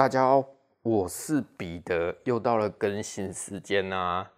大家好，我是彼得，又到了更新時間啦。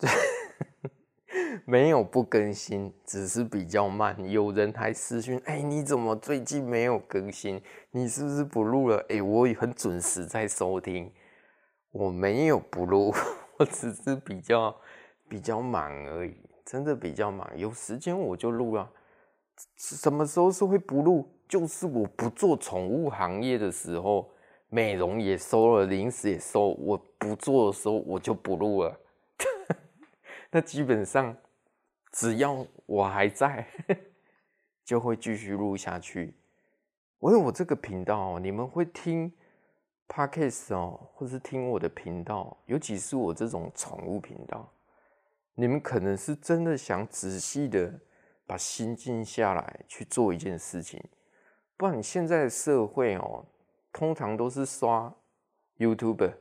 沒有不更新，只是比較慢。有人還私信，哎，你怎麼最近沒有更新？你是不是不錄了？哎，我也很準時在收聽，我沒有不錄，我只是比較比較忙而已，真的比較忙。有時間我就錄啊。什麼時候是會不錄？就是我不做寵物行業的時候。美容也收了，零食也收。我不做的時候，我就不錄了。 那基本上，只要我還在， 就會繼續錄下去。我有我這個頻道喔，你們會聽 podcast 喔，或是聽我的頻道，尤其是我這種寵物頻道，你們可能是真的想仔細的把心靜下來去做一件事情。不然，現在的社會喔。通常都是刷 YouTube，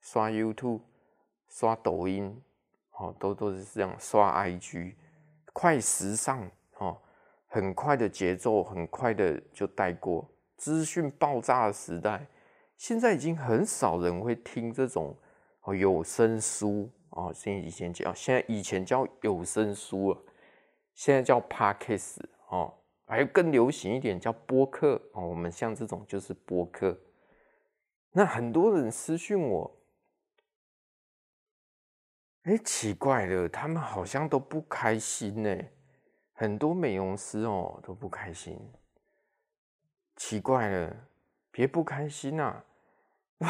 刷 YouTube，刷抖音，哦，都都是這樣刷 IG，快時尚哦，很快的節奏，很快的就帶過。資訊爆炸的時代，現在已經很少人會聽這種哦，有聲書哦，現以前叫現在以前叫有聲書了，現在叫 Podcast 哦。還有更流行一點叫播客，我們像這種就是播客。那很多人私訊我，哎，奇怪了，他們好像都不開心呢、欸。很多美容師哦都不開心，奇怪了，別不開心啊！我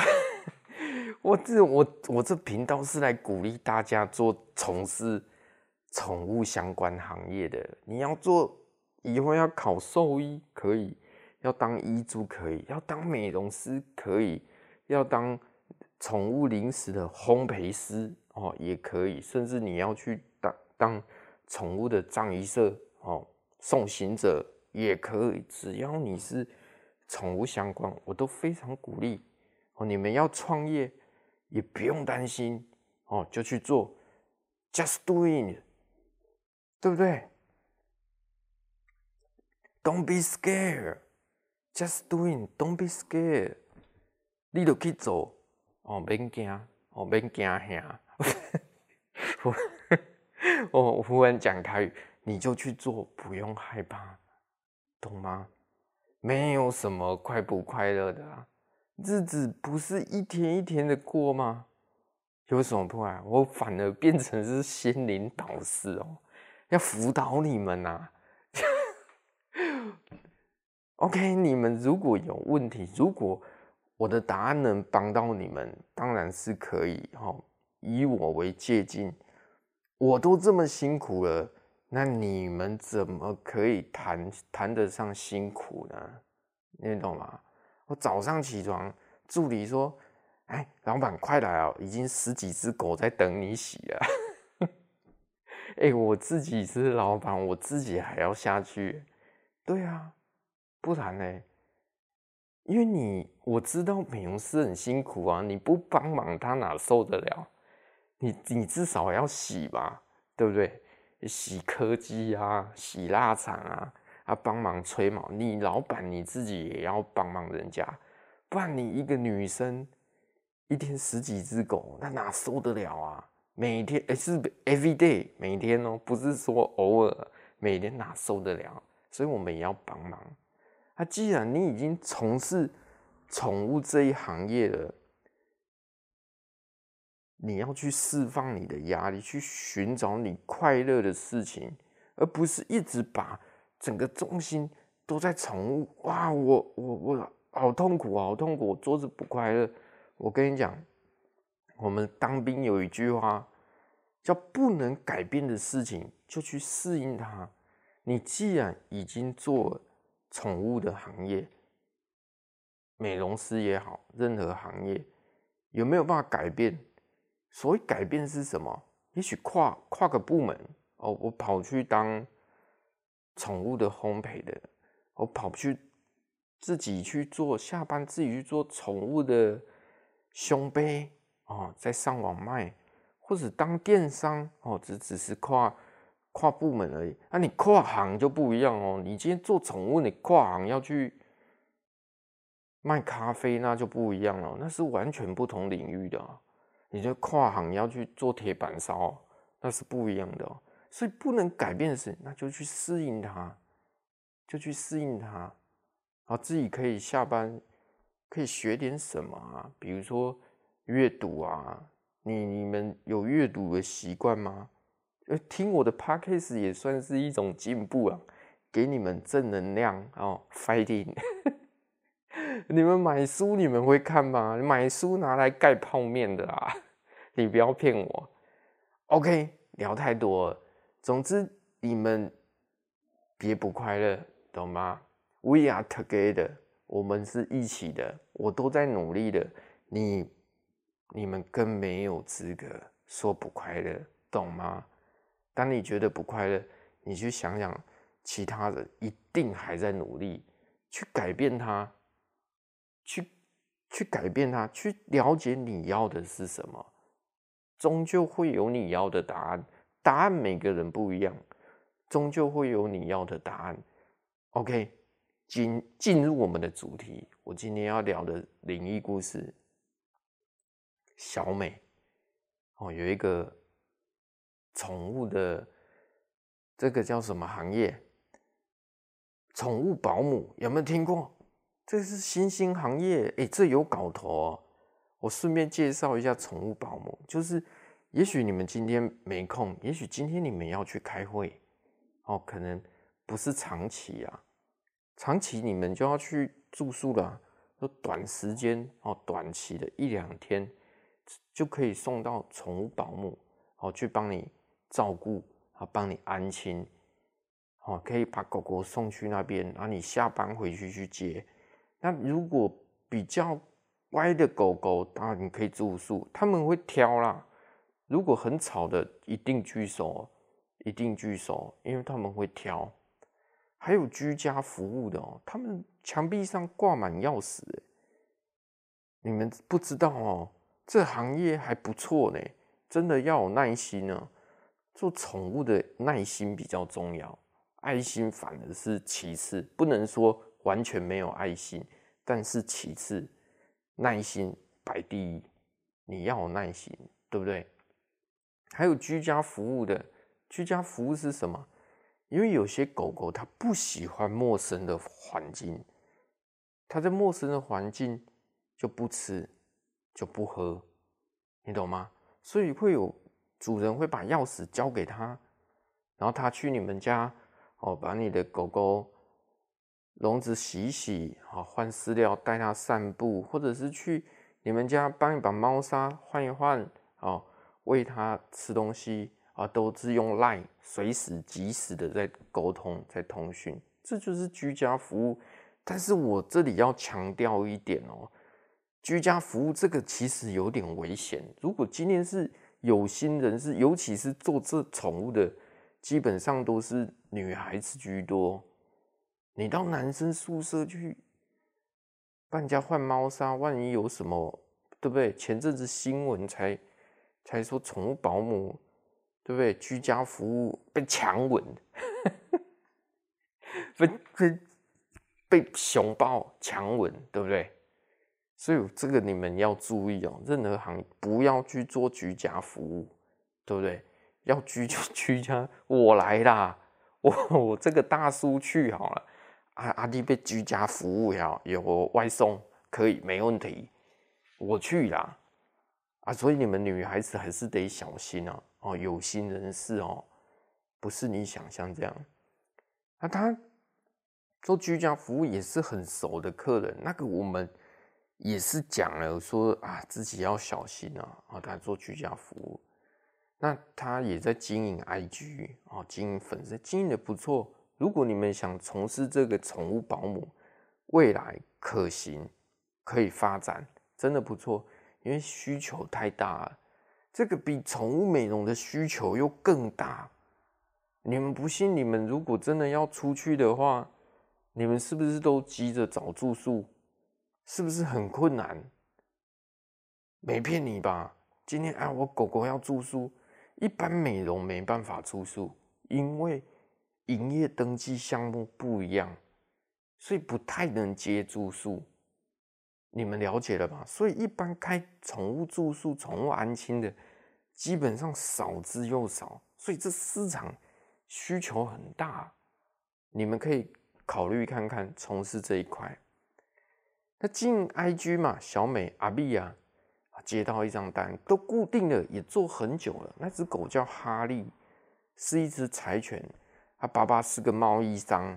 我這我我這頻道是來鼓勵大家做從事寵物相關行業的，你要做。以後要考獸醫可以，要當醫助可以，要當美容師可以，要當寵物零食的烘焙師哦、喔、也可以，甚至你要去當當寵物的葬儀社哦、喔、送行者也可以，只要你是寵物相關，我都非常鼓勵哦、喔、你們要創業也不用擔心哦、喔，就去做 just doing it. 對不對？Don't be scared, just doing. Don't be scared. 你就去做哦，免驚哦，免驚，嘿。我我忽然講台語，你就去做，不用害怕，懂嗎？沒有什麼快不快樂的啊，日子不是一天一天的過嗎？有什麼快？我反而變成是心靈導師哦、喔，要輔導你們吶、啊。OK，你們如果有問題，如果我的答案能幫到你們，當然是可以，以我為借鏡，我都這麼辛苦了，那你們怎麼可以談談得上辛苦呢？你懂嗎？我早上起床，助理說：“哎、欸，老闆快來哦，已經十幾隻狗在等你洗了。 ”哎、欸，我自己是老闆，我自己還要下去。對啊。不然呢，欸，因為你我知道美容師很辛苦啊，你不幫忙他哪受得了？你你至少要洗吧，對不對？洗柯基啊，洗臘腸啊，啊幫忙吹毛。你老闆你自己也要幫忙人家，不然你一個女生一天十幾隻狗，那哪受得了啊？每天、欸、是 every day 每天哦，喔，不是說偶爾，每天哪受得了？所以我們也要幫忙。他既然你已經從事寵物這一行業了，你要去釋放你的壓力，去尋找你快樂的事情，而不是一直把整個重心都在寵物。哇！我我我好痛苦啊，好痛苦，我做得不快樂。我跟你講，我們當兵有一句話，叫“不能改變的事情就去適應它”。你既然已經做了，寵物的行業，美容師也好，任何行業有沒有辦法改變？所謂改變是什麼？也許跨跨個部門哦，我跑去當寵物的烘焙的，我跑去自己去做，下班自己去做寵物的胸背哦，在上網賣，或者當電商哦，只只是跨。跨部門而已，啊，你跨行就不一樣哦。你今天做寵物，你跨行要去賣咖啡，那就不一樣了，那是完全不同領域的。你就跨行要去做鐵板燒，那是不一樣的。所以不能改變的事，那就去適應它，就去適應它。啊，自己可以下班可以學點什麼啊，比如說閱讀啊，你你們有閱讀的習慣嗎？聽我的 podcast 也算是一種進步啊，給你們正能量哦，fighting！ 你們買書，你們會看嗎？買書拿來蓋泡麵的啦？你不要騙我。OK，聊太多了。總之，你們別不快樂，懂嗎？We are together，我們是一起的，我都在努力的。你，你們更沒有資格說不快樂，懂嗎？當你覺得不快樂，你去想想，其他人一定還在努力，去改變他，去去改變他，去了解你要的是什麼，終究會有你要的答案。答案每個人不一樣，終究會有你要的答案。OK，進進入我們的主題，我今天要聊的靈異故事，小美，哦，有一個。寵物的這個叫什麼行業？寵物保母有沒有聽過？這是新興行業，欸，這有搞頭喔，我順便介紹一下寵物保母，就是也許你們今天沒空，也許今天你們要去開會，喔，可能不是長期啊，長期你們就要去住宿了，就短時間喔，短期的一兩天就可以送到寵物保母，喔，去幫你。照顧啊，幫你安親，可以把狗狗送去那邊，然後你下班回去去接。那如果比較乖的狗狗，當然你可以住宿，他們會挑啦。如果很吵的，一定拒收，一定拒收，因為他們會挑。還有居家服務的哦，他們牆壁上掛滿鑰匙、欸，你們不知道哦、喔，這行業還不錯呢、欸，真的要有耐心哦、啊。做寵物的耐心比較重要，愛心反而是其次。不能說完全沒有愛心，但是其次，耐心排第一。你要有耐心，對不對？還有居家服務的，居家服務是什麼？因為有些狗狗它不喜歡陌生的環境，它在陌生的環境就不吃就不喝，你懂嗎？所以會有。主人會把鑰匙交給他，然後他去你們家，哦，把你的狗狗籠子洗洗，哦，換飼料，帶它散步，或者是去你們家幫你把貓砂換一換，哦，喂它吃東西，啊，都是用 LINE，隨時及時的在溝通，在通訊，這就是居家服務。但是我這裡要強調一點哦，居家服務這個其實有點危險，如果今天是，有心人士，尤其是做這寵物的，基本上都是女孩子居多。你到男生宿舍去，幫人家換貓砂，萬一有什麼，對不對？前陣子新聞才才說寵物保姆，對不對？居家服務被強吻， 被被被熊抱強吻，對不對？所以這個你們要注意哦、喔，任何行不要去做居家服務，對不對？要居就居家，我來啦我，我這個大叔去好了。阿阿弟被居家服務呀，有外送可以沒問題，我去啦。啊，所以你們女孩子還是得小心哦、啊喔，有心人士哦、喔，不是你想象這樣。那他做居家服務也是很熟的客人，那個我們。也是講了說啊，自己要小心啊！哦，他做居家服務，那他也在經營 IG 啊，哦，經營粉絲經營的不錯。如果你們想從事這個寵物保姆，未來可行，可以發展，真的不錯，因為需求太大了。這個比寵物美容的需求又更大。你們不信？你們如果真的要出去的話，你們是不是都急着找住宿？是不是很困難？沒騙你吧？今天啊，我狗狗要住宿，一般美容沒辦法住宿，因為營業登記項目不一樣，所以不太能接住宿。你們了解了吧？所以一般開寵物住宿、寵物安親的，基本上少之又少。所以這市場需求很大，你們可以考慮看看從事這一塊。那進 IG 嘛，小美阿碧呀，啊，啊接到一張單，都固定了，也做很久了。那只狗叫哈利，是一只柴犬。他爸爸是個貿易商，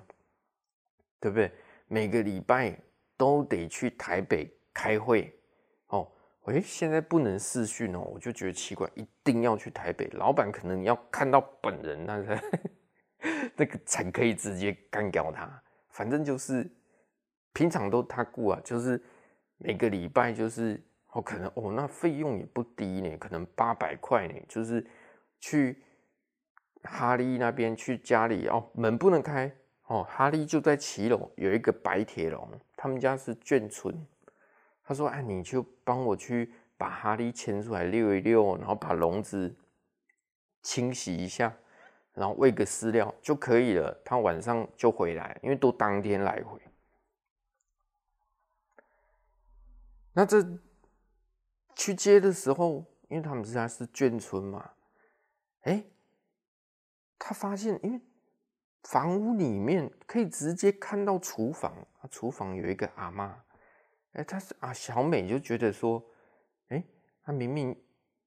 對不對？每個禮拜都得去台北開會。哦，哎，欸，現在不能視訊哦，喔，我就覺得奇怪，一定要去台北，老闆可能要看到本人，那個、個、 那個才可以直接幹掉他。反正就是。平常都他雇啊，就是每個禮拜就是哦，可能哦，那費用也不低呢，可能八百塊呢，就是去哈利那邊去家裡哦，門不能開哦，哈利就在騎樓有一個白鐵籠，他們家是眷村。他說哎、啊，你就幫我去把哈利牽出來遛一遛，然後把籠子清洗一下，然後餵個飼料就可以了，他晚上就回來，因為都當天來回。那這去接的時候，因為他們家是，是眷村嘛，哎、欸，他發現因為房屋裡面可以直接看到廚房，廚、啊、房有一個阿嬤，哎、欸，他啊小美就覺得說，哎、欸，他、啊、明明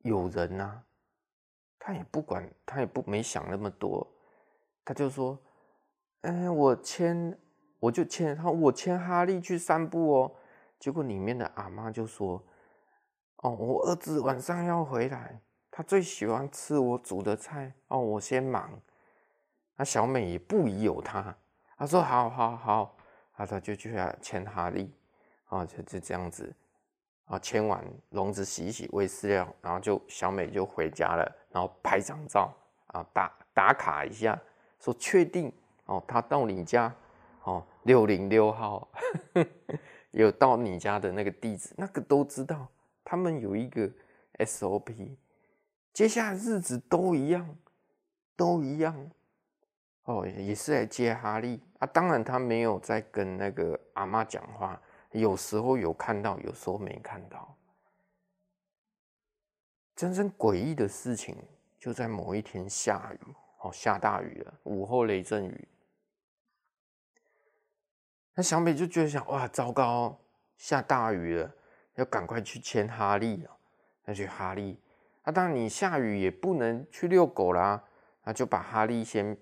有人啊，他也不管，他也不沒想那麼多，他就說，哎、欸，我牽我就牽我牽哈利去散步哦。結果裡面的阿嬤就說：“哦，我兒子晚上要回來，他最喜歡吃我煮的菜哦，我先忙。啊”那小美也不疑有他，她說：“好好好。好”她說就去牽哈利，啊、哦，就就這樣子，啊，牽完籠子洗洗餵飼料，然後就小美就回家了，然後拍張照啊，打打卡一下，說確定哦，他到你家。哦，六零六號 有到你家的那個地址，那個都知道。他們有一個 SOP，接下來日子都一樣，都一樣。哦，也是來接哈利啊。當然，他沒有在跟那個阿媽講話。有時候有看到，有時候沒看到。真正詭異的事情就在某一天下雨，哦，下大雨了，午後雷陣雨。那小美就覺得想哇，糟糕，下大雨了，要趕快去牽哈利了。要去哈利，啊，當然你下雨也不能去遛狗啦，啊。那就把哈利先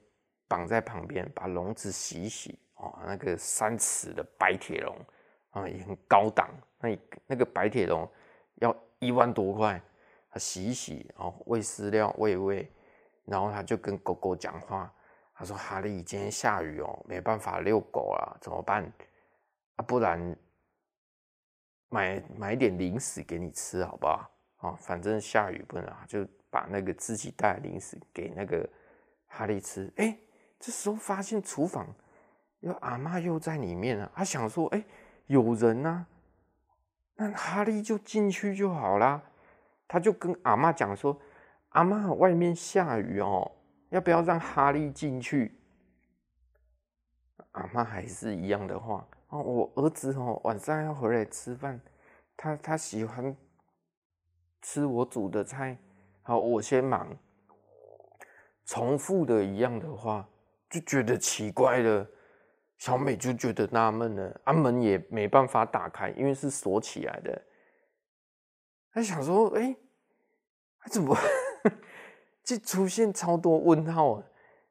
綁在旁邊，把籠子洗一洗哦，那個三尺的白鐵籠啊，也很高檔。那那個白鐵籠要一萬多塊，他洗一洗，哦，餵飼料，餵一餵，然後他就跟狗狗講話。他說：“哈利，今天下雨哦，沒辦法遛狗了，啊，怎麼辦？啊、不然買買點零食給你吃，好不好？啊、哦，反正下雨不能就把那個自己帶的零食給那個哈利吃。哎，這時候發現廚房，又阿嬤又在裡面，啊、他想說：哎，有人啊，那哈利就進去就好啦。他就跟阿嬤講說：阿嬤，外面下雨哦。”要不要讓哈利進去？阿媽還是一樣的話，喔、我兒子哦、喔、晚上要回來吃飯，他他喜歡吃我煮的菜，好，我先忙。重複的一樣的話，就覺得奇怪了。小美就覺得納悶了，啊，門也沒辦法打開，因為是鎖起來的。她想說，哎、欸，她怎麼？就出現超多問號啊，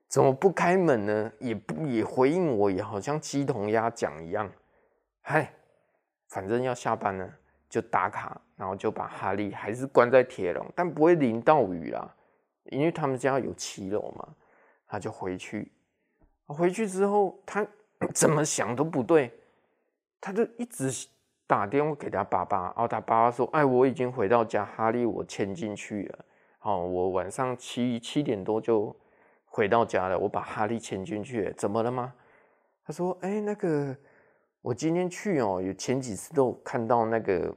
怎麼不開門呢？也不也回應我，也好像雞同鴨講一樣。嗨，反正要下班了，就打卡，然後就把哈利還是關在鐵籠，但不會淋到雨啦，因為他們家有騎樓嘛。他就回去，回去之後他怎麼想都不對，他就一直打電話給他爸爸，然後他爸爸說：“哎，我已經回到家，哈利我牽進去了。”哦，我晚上七七點多就回到家了。我把哈利牽進去，怎麼了嗎？他說：“哎、欸，那個，我今天去哦、喔，有前幾次都有看到那個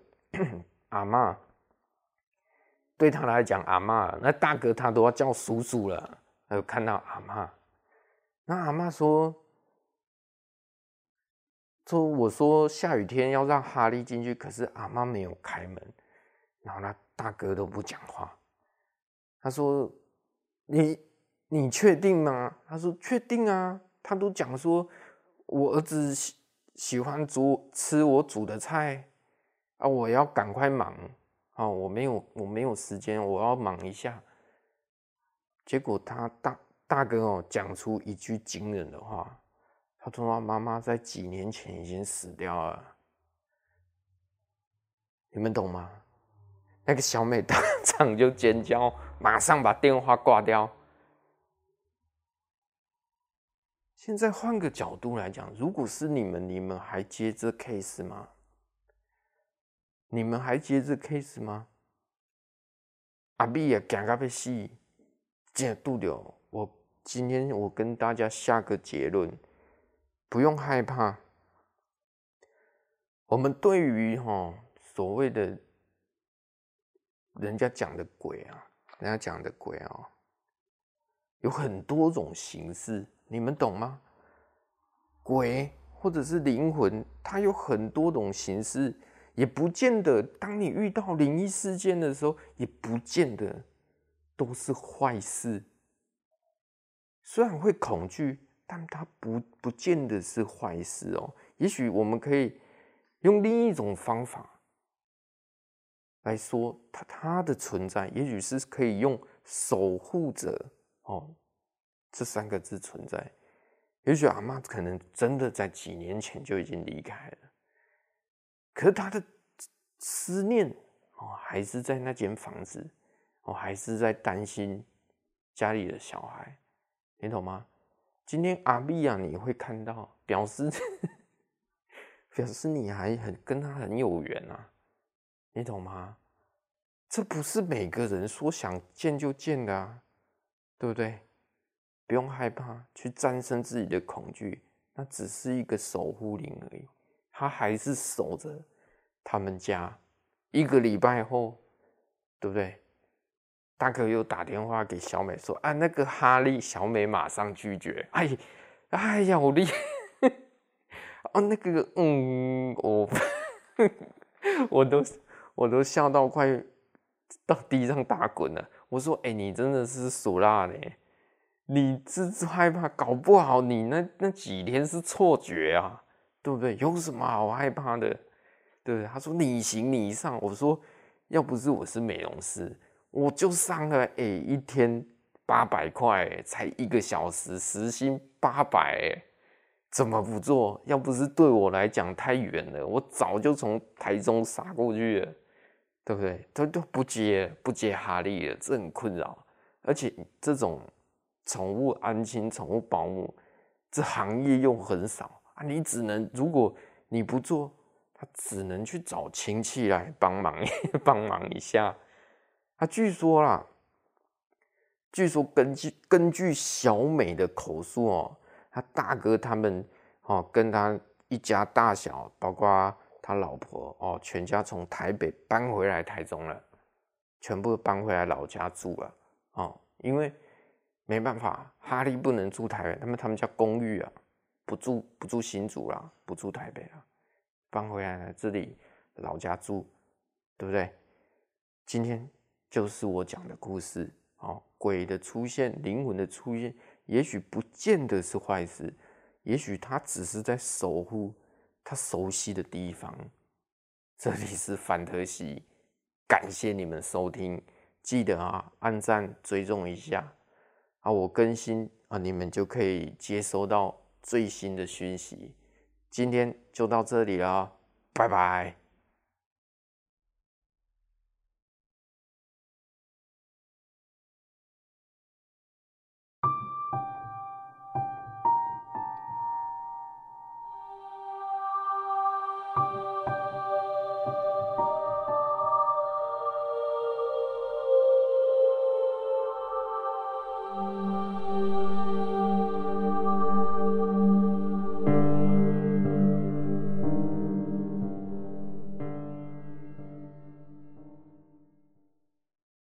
阿嬤，對他來講阿嬤，那大哥他都要叫叔叔了。還有看到阿嬤，那阿嬤說說我說下雨天要讓哈利進去，可是阿嬤沒有開門，然後那大哥都不講話。”他說：“你，你確定嗎？”他說：“確定啊。”他都講說：“我兒子喜喜歡煮吃我煮的菜，啊，我要趕快忙啊，哦，我沒有我沒有時間，我要忙一下。”結果他大大哥我、哦，講出一句驚人的話：“他說他媽媽在幾年前已經死掉了。”你們懂嗎？那個小美當場就尖叫。馬上把電話掛掉。現在換個角度來講，如果是你們，你們還接這 case 嗎？你們還接這 case 嗎？阿碧也尷尬啡西，這度了。我今天我跟大家下個結論，不用害怕。我們對於哈所謂的人家講的鬼啊。人家講的鬼哦，有很多種形式，你們懂嗎？鬼或者是靈魂，它有很多種形式，也不見得，當你遇到靈異事件的時候，也不見得都是壞事。雖然會恐懼，但它不，不見得是壞事哦。也許我們可以用另一種方法。來說，他他的存在，也許是可以用守護者哦這三個字存在。也許阿媽可能真的在幾年前就已經離開了，可是他的思念哦，還是在那間房子，哦，還是在擔心家裡的小孩，你懂嗎？今天阿比亞、啊，你會看到，表示 表示你還很跟他很有緣啊。你懂嗎？這不是每個人說想見就見的啊，對不對？不用害怕，去戰勝自己的恐懼，那只是一個守護靈而已，他還是守着他們家。一個禮拜後，對不對？大哥又打電話給小美說：“啊，那個哈利。”小美馬上拒絕。哎，哎呀，我厲害，哦，那個，嗯，我，我都。我都笑到快到地上打滾了。我說：“哎、欸，你真的是俗辣欸，你這害怕搞不好你那那幾天是錯覺啊，對不對？有什麼好害怕的？對不對？”他說：“你行你上。”我說：“要不是我是美容師，我就上了。哎、欸，一天八百塊，才一個小時，時薪八百、欸，怎麼不做？要不是對我來講太遠了，我早就從台中殺過去了。”對不對？他都不接，不接哈利的，這很困擾。而且這種寵物安親、寵物保姆這行業又很少啊，你只能如果你不做，他只能去找親戚來幫忙，幫忙一下。他、啊、據說啦，據說根據根據小美的口述哦，他大哥他們哦跟他一家大小，包括。他老婆哦，全家從台北搬回來台中了，全部搬回來老家住了哦，因為沒辦法，哈利不能住台北，他們他們家公寓啊，不住不住新竹啦，不住台北啦，搬回來這裡老家住，對不對？今天就是我講的故事哦，鬼的出現，靈魂的出現，也許不見得是壞事，也許他只是在守護。他熟悉的地方，這裡是范特西，感謝你們收聽，記得啊，按讚追蹤一下，啊，我更新啊，你們就可以接收到最新的訊息。今天就到這裡啦，拜拜。